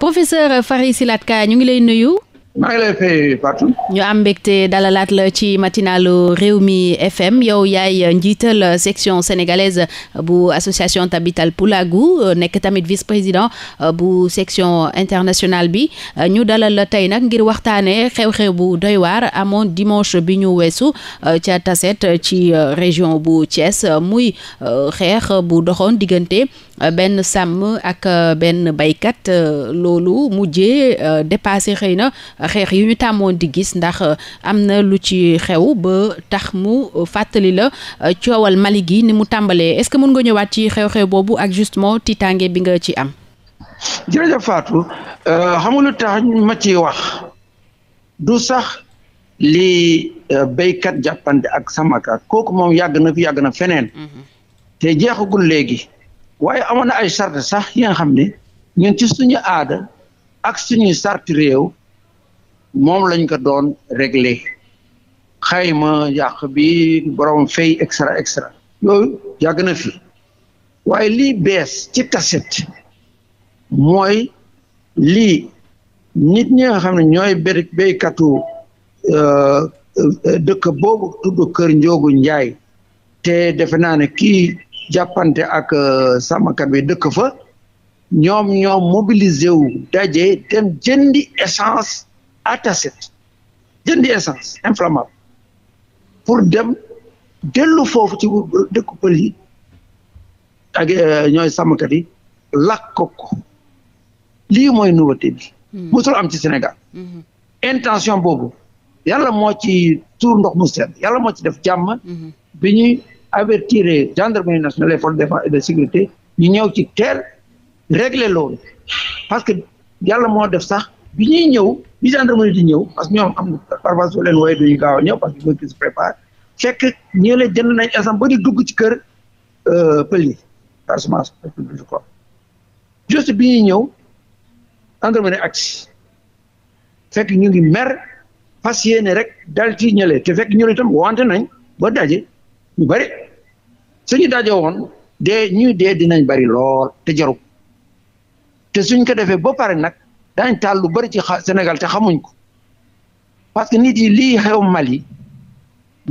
professeur fari Silate Ka ñu ngi lay nuyu. ñu am mbégte dalalaat la ci matinalu Rewmi FM yow yaay njiital section sénégalaise bu association Tabital Pulaagu nekk tamit vice président bu section internationale bi ñu dalal la tey nag ngir waxtaanee xew-xew bu doy waar amoon dimanche bi ñu weesu euh, ca Tasset euh, ci euh, région bu Thiès muy xeex bu doxoon diggante benn sàmm ak benn baykat loolu mujjee dépasé xëy na. xeex yi ñu tàmmoon di gis ndax euh, am na lu ci xew ba tax mu euh, fàttali la euh, coowal Mali gi ni mu tàmbalee est-ce que mën nga ñëwaat ci xew-xew boobu ak justement tiitaange bi nga ci am. jërëjëf Fatou xam nga lu ma ci wax du sax li béykat jàppante ak samaka kooku moom yàgg na yàgg na feneen. Mhm. jeexagul léegi. waaye amoon na ay sart sax yi xam ne ñun ci suñu aada ak suñuy sart réew moom lañ ko doon réglé xayma yàq bi borom fay extra extra yooyu yàgg na fi waaye li bees ci taset mooy lii nit ñi nga xam ne ñooy béy béykatu euh, dëkk boobu tudd Kër Njoogu Njaay te defe naa ne kii jàppante ak euh, sàmmkat bi dëkk fa ñoom ñoom mobilisé wu daje dem jëndi essence ataset jëndi essence inflammable pour dem dellu foofu ci dëkku pël yi ak euh, ñooy sàmmkat yi lakk ko lii mooy nouveauté bi hmm. musul am ci Sénégal hmm. intention boobu yàlla moo ci tuur ndox mu sedd yàlla moo ci def jàmm hmm. bi ñuy avertir gendarmerie nationale et forces de défense et de sécurité ñu ñëw ci teel régler loolu parce que yàlla moo def sax bi ñuy ñëw bi gendarmerie di ñëw parce que ñoom am parfois soo leen wooyee duñu gaaw a ñëw parce que mooy fekk ñii la jënd nañ ensemble ba di dugg ci kër pël yi semence je bi ñuy ñëw gendarmerie agsi fekk ñu ngi mer fas yéene rek dal ci ñële te fekk ñële itam wante nañ ba daje ñu bari suñu daje woon dee ñuy dee dinañ bari lool te jarul te suñ ko defee ba pare nag danañ taal lu bëri ci Sénégal te xamuñ ko parce que nit yi lii xew Mali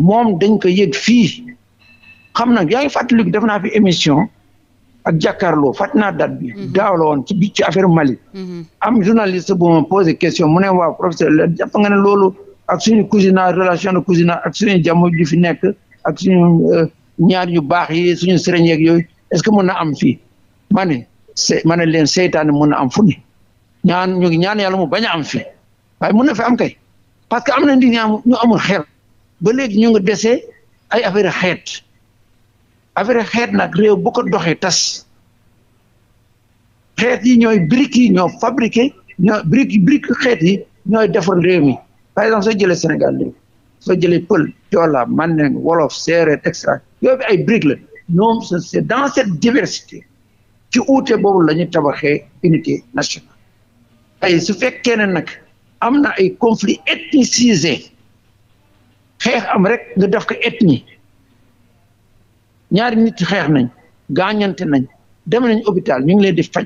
moom dañ ko yëg fii xam nag yaa ngi fàttaliku def naa fi émission ak jàkkaarloo fat naa date bi. Mhm. daaw la ci bi ci affaire Mali. Mhm. am journaliste bu ma question mu ne waaw professeur la jàpp nga ne loolu ak suñu cousinage relation de cousinage ak suñu jàmm ji fi nekk ak suñu euh, ñaar yu baax yi suñu sëriñ yeeg yooyu est-ce que mën na am fii ma ne ma ne leen seytaane mën na am fu ñaan ñu ngi ñaan yàlla mu bañ a am fi waaye mën a fi am kay parce que am na nit ñu amul xel ba léegi ñu ngi dese ay affaire xeet affaire xeet nag réew bu ko doxee tas xeet yi ñooy brique yi ñoo fabriqué ñoo brique xeet yi ñooy defar réew mi par exemple soo jëlee Sénégal léegi soo jëlee pël joola mandeng wolof séeréer et cetera yooyu ay brique la ñoom c'est dans cette diversité ci uute boobu la ñu tabaxee unité nationale ay su fekkee ne nag am na ay conflit ethnicisé xeex am rek nga def ko ethnie ñaari nit xeex nañ gaañante nañ dem nañ hôpital ñu ngi leen di faj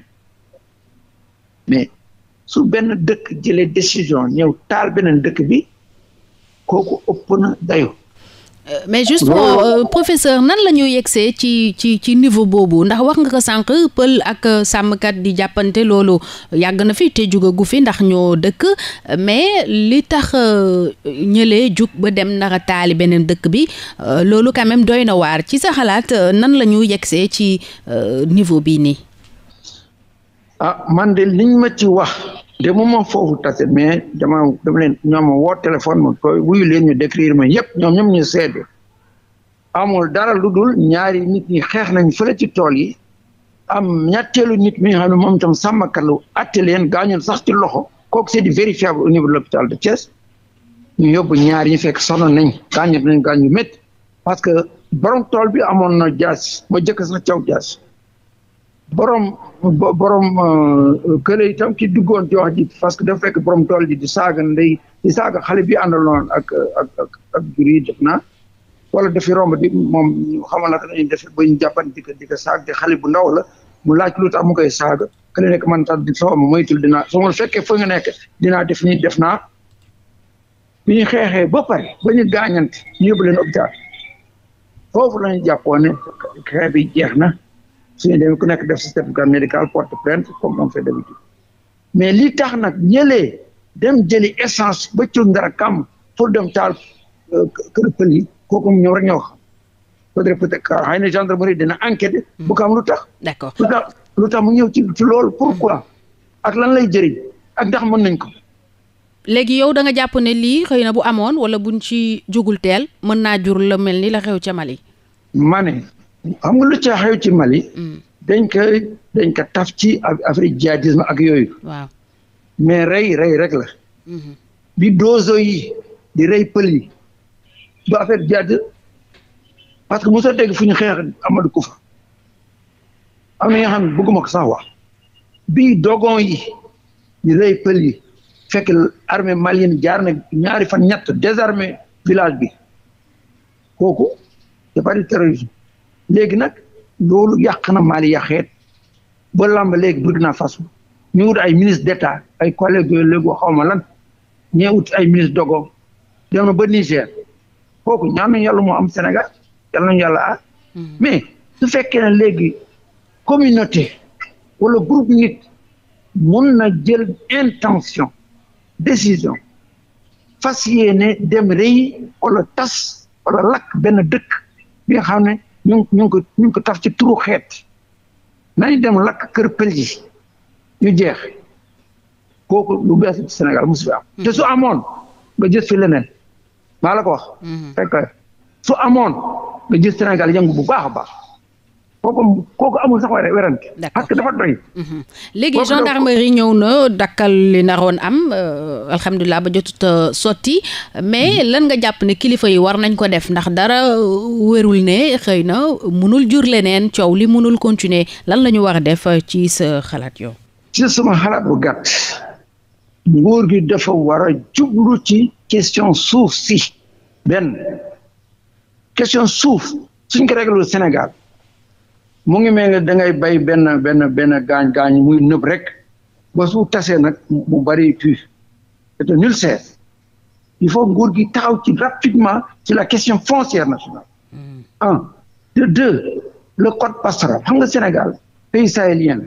mais su benn dëkk jëlee décision ñëw taal beneen dëkk bi kooku ëpp na dayo Euh, mais juste pour euh, professeur nan la ñuy yegsee ci ci ci niveau boobu ndax wax nga ko sànq pël ak euh, sàmmkat di jàppante loolu yàgg na fi te jugagu fi ndax ñoo dëkk mais li tax ñële jug ba dem ndax taali beneen dëkk bi loolu quand doy na waar ci sa xalaat nan lañu ñuy yegsee ci niveau bii nii ah man de liñ ma ci wax de moment foofu tase mais dama dama leen ñoom woo téléphone ma koy wuyu leen ñu décrire ma yëpp ñoom ñoom ñu seede amul dara lu dul ñaari nit ñi xeex nañ fële ci tool yi am ñetteelu nit mi nga xam ne moom itam sàmmkat la atte leen gaañul sax ci loxo kooku c'est du vérifiable au l'hôpital de Thiès ñu yóbbu ñaar ñu fekk sono nañ gaañu nañ gaañu métti parce que borom tool bi amoon na jaas ba jëkk sax caw jaas borom borom euh, kële itam ki duggoon ci wax ji parce que dafa fekk borom tool ji di saaga ndey di saaga xale bi àndaloon ak ak ak yi def na wala dafi romb di moom ñu xamal naka dañuy def ba ñu jàppan di ko di ko saag te xale bu ndaw la mu laaj lu tax mu koy saaga kële nekk man tax di moytul dinaa soo ma fekkee fa nga nekk dinaa def nii def naa bi ñu xeexee ba pare ba ñu gaañante ñu yóbbu leen hôpital foofu la ñu jàppoon bi jeex na suñu ku nekk def sa certificat médical porte plainte comme mais li tax nag ñëlee dem jëli essence ba ci ndara kam pour dem taal euh, kër pël yi kooku mu ñëw rek ñoo xam peut-être peut-être xëy na gendarmerie dina enquêter hmm. bu ko lu tax d'accord lu tax lu tax mu ñëw ci ci loolu pourquoi ak lan lay jëriñ ak ndax mën nañ ko léegi yow da nga jàpp ne lii xëy na bu amoon wala buñ ci jugul teel mën naa jur la mel ni la xew ca Mali ma am nga lu ca ci Mali. Mm. dañ ko dañ ko taf ci Afrique djihadisme ak yooyu. waaw mais rey rey rek la. Mm-hmm. bi dozo yi di rey pël yi ba affaire jihad parce que mosoo dégg fu ñu xeex Amadou Koufa am na ñoo xam ne bëgguma ko sax wax bi dogon yi di rey pël yi fekk armée malienne jaar na ñaari fan ñett désarmé village bi kooku c'est pas du léegi nag loolu yàq na Mali yaxeet ba làmb léegi Burkina Faso ñu wut ay ministre d'état ay collègue léegi xaw ma lan ñu wut ay ministre dogo dem na ba Niger kooku ñaan nañu yàlla moo am Sénégal yàlla nañu yàlla ah mais su fekkee ne léegi communauté wala groupe nit mun na jël intention décision fas yéene dem rëy wala tas wala lakk benn dëkk bi nga xam ne ñu ñu ñu ko taf ci turu xeet nañu dem lakk kër pël ji ñu jeex kooku lu bees ci Sénégal mosu fi am. te su amoon nga gis fi leneen maa la ko wax. Mhm. fekk su amoon nga gis Sénégal yëngu bu baax a baax. kooku kooku amul sax war a werante dafa doy. Mhm. léegi gendarmerie ñëw na dakkal li naroon am euh, alhamdulilah ba jotut a euh, sotti mais mhm. lan nga jàpp ni kilifa yi war nañ ko def ndax dara euh, wérul ne xëy na mënul jur leneen coow li mënul continuer lan la ñu war a def ci sa xalaat yow. ci sama xalaat bu gàtt nguur gi dafa war a jublu ci suuf si benn question suuf suñ ko réglul Sénégal. mu ngi mel ne dangay bay benn benn benn gaañ gaañ muy nëb rek ba su tasee nag mu bari tuuti c'est il faut nguur gi taxaw ci rapidement ci la question foncière nationale. un de deux le code pastoral xam nga Sénégal pays sahélien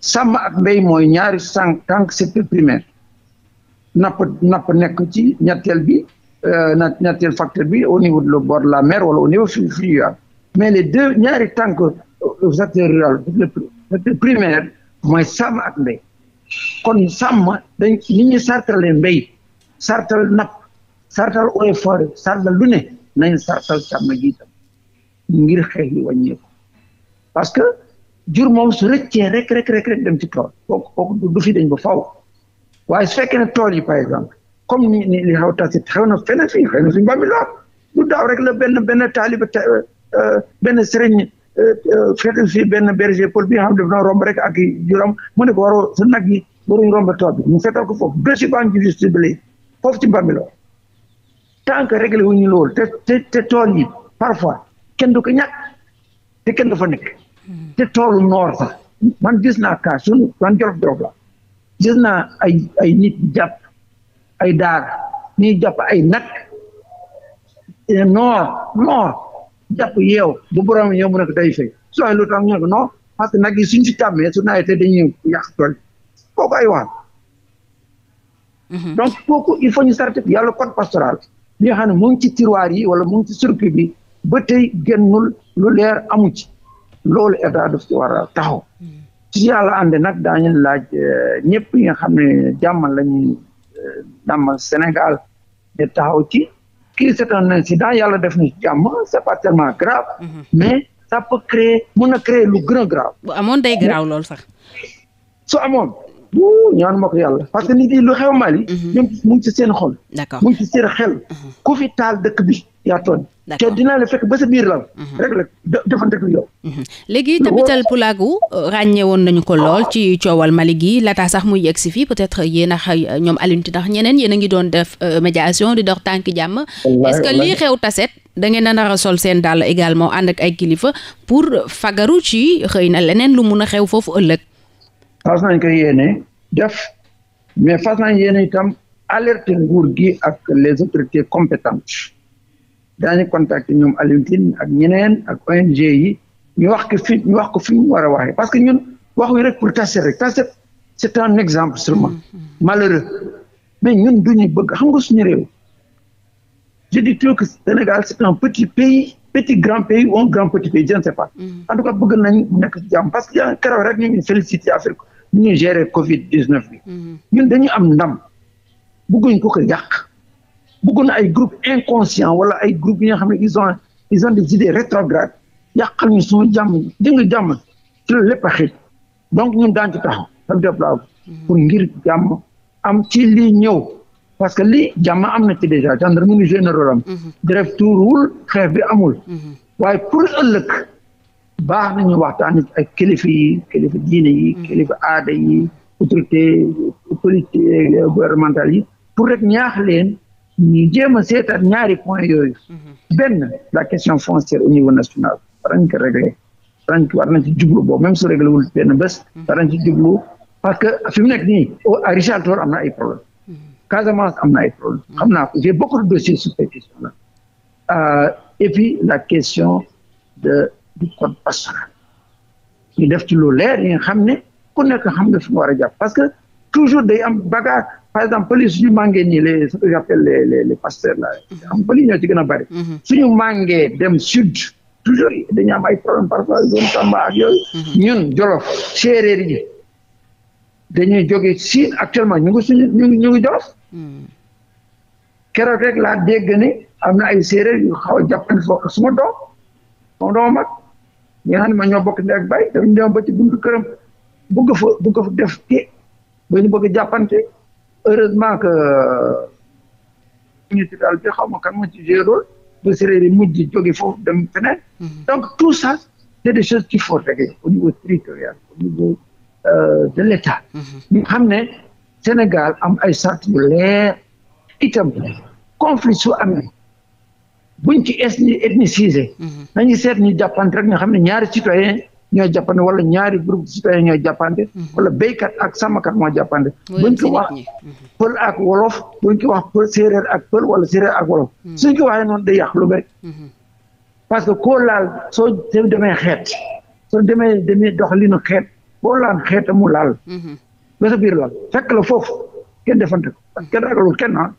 sàmm ak mbéy mooy ñaari sànq tànk secteur primaire napp nekk ci ñetteel bi ñetteel facteur bi au niveau de le bord la mer wala au niveau fluvial mais les deux ñaari tànk aux acteurs ruraux primaire mooy sàmm ak mbéy kon sàmm dañ ni ñu sartalee mbéy sartal napp sartal eaux et forêt sartal lu ne nañ sartal sàmm jiitam ngir xeex yi wàññeeku parce que jur moom su rëccee rek rek rek dem ci tool kooku kooku du fi dañ ba faw waaye su ne tool yi par exemple comme ni ni li xaw tasi xew na feneen fii xew na suñu bambi du daaw rek la benn benn taaliba euh, euh, benn sëriñ Euh, fekk si benn berger pël bi nga xam ne romb rek ak juróom mu ne ko waroo sa nag yi waruñ romb tool bi mu fetal ko foofu dossier baa ngi ci justice foofu ci Bambilor tant que réglé wuñu lool te te te tool yi parfois kenn du ko ñàkk te kenn du fa nekk te toolu noor sax man gis naa cas man jolof jolof la gis naa ay ay nit jàpp ay daara ñuy jàpp ay nag noor noor jàpp yeew bu borom ñëw mu nekk day fay su ay lu tax ñu ne parce que nag yi suñ si tàmmee su nawetee dañuy yàq tool kooku ay wax donc kooku il faut ñu sarti yàlla code pastoral bi nga xam ne mu ngi ci tiroir yi wala mu ngi ci bi ba tey génnul lu leer amu ci loolu état daf ci war a si yàlla ànd nag daañu laaj ñëpp yi nga xam ne jàmm lañu dàmm Sénégal ñu taxaw ci ki c'est un incident yàlla def ni jàmm c'est pas tellement grave mhm. mais ça peut créer mun na créer lu gën a grave bu amoon day garaaw loolu sax su amoon bu ñaan ma ko yàlla parce que nit yi lu xew Mali mhm. ñoom mu ci seen xol mu ngi ci seen xel mhm. ku fi taal dëkk bi yaa tooñ. te dinaa la fekk ba sa biir lal. Mhm. Mhm. léegi Tapital Pulagu euh, ràññee woon nañu ko lool ci coowal Mali gi laata sax muy yegg si fii peut-être yéen a ñoom Alioune ndax ñeneen yéen a ngi doon def euh, médiation di dox tànk jàmm. est que lii xew taset da ngeen a nar a sol seen dàll également ànd ak ay kilifa pour fagaru ci xëy na leneen lu mun a xew foofu ëllëg. fas nañ ko yéene itam alerte nguur gi ak les autorités compétentes. daañu contacter ñoom Alioune Tine ak ñeneen ak ONG yi ñu wax ko fi ñu wax ko fi mu war a waxee parce que ñun wax wi rek pour Tassette rek Tassette c'est un exemple seulement mm-hmm. malheureux mais ñun du duñu bëgg xam nga suñu réew je dis toujours que Sénégal c'est un petit pays petit grand pays ou un grand petit pays je ne sais pas mm-hmm. en bëgg nañ nekk ci parce que yaa keroog rek ñu ngi félicité Afrique ñu ngi gere Covid 19 bi mm-hmm. ñun dañu am ndam bëgguñ ko ko yàq bëggoon na ay groupe inconscient wala ay groupe yi nga xam ne ils ont ils ont des idées rétrogrades yàqal ñu suñu jàmm dégg nga jàmm ci la lépp donc ñun daan ci taxaw daf déplacé pour ngir jàmm am ci lii ñëw parce que lii jàmm am na ci déjà gendarmerie générale am mhm. def tuuruwul xeex bi amul mhm. waaye pour ëllëg baax nañu waxtaan ak kilifa yi kilifa diine yi mhm. kilifa aada yi autorité politique gouvernementale yi pour rek ñaax leen ñu jéem a seetaat ñaari point yooyu mhm. benn la question foncière au niveau national war nañ ko réglé war nañ war nañ ci jublu boobu même su réglé wul benn bes war mhm. nañ ci jublu parce que fi mu nekk nii à Richard Toll am na ay problème mhm. Casamance am na ay problème xam naa ko j'ai beaucoup de dossiers sur ces là euh, et puis la question de du code pastoral ñu def ci lu leer yi nga xam ne ku nekk xam nga fi mu war parce que toujours day am bagarre par exemple pël yi suñu màngee nii les ce que j'appelle am mhm. pël ñoo ci gën a bari mhm. suñu màngee dem sud toujours dañu am ay problème parfois zone Tamba ak yooyu mhm. ñun Jolof séeréer yi dañuy jóge Siin actuellement ñu ngi suñu ñu ngi ñu rek la dégg am na ay séeréer yu xaw a jàppandi foofu suma doom moom dama mag ñi ma ñoo bokk ndey ak baay dañu buntu këram bëgg fa def kii ba ñu bëgg jàppante heureusement que unité bi xaw ma kan ma ci joué rôle yi mujj joge foofu dem feneen. Mhm. donc tout ça c' est des choses qu'il faut régler au niveau territorial au niveau euh, de l' état. Mhm. ñu xam ne Sénégal am ay charte yu leer itam conflit su amee buñ ci ethnicisé mhm. nañu seet ñu jàppante rek ñu xam ne ñaari citoyen ñoo jàppante wala ñaari groupe citoyen ñoo jàppante mhm. wala béykat ak sàmmkat moo jàppante buñ ko wax mhm. pël ak wolof buñ ko wax pël séeréer ak pël wala séeréer ak wolof mhm. suñ ko waxee noonu day yàq lu bëri parce que koo laal soo demee xeet soo demee demee dox li nu xeet boo laal xeet laal ba biir laal fekk la foofu kenn defante ko kenn ragalul kenn ah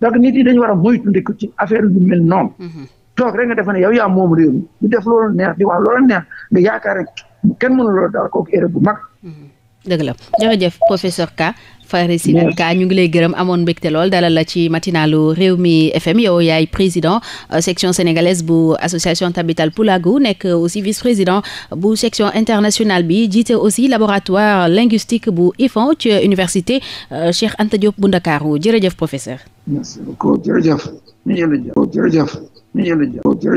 donc nit yi dañu war a moytu ndekku ci affaire toog rek nga defe ne yow yaa moom réew mi ñu def loolu neex di wax loolu mm-hmm. Ka Fary Silène Ka ñu ngi lay gërëm amoon mbégte lool dalal la ci matinalu réew mi FM yow yaay président euh, section sénégalaise bu association Tabital Pulaagu nekk aussi vice président bu section international bi jiite aussi laboratoire linguistique bu IFAN ci université euh, Cheikh Anta Diop bu Ndakaaru jërëjëf professeur. manager